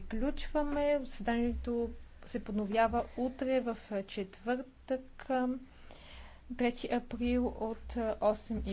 приключваме. Заседанието се подновява утре в четвъртък, 3 април от 8 и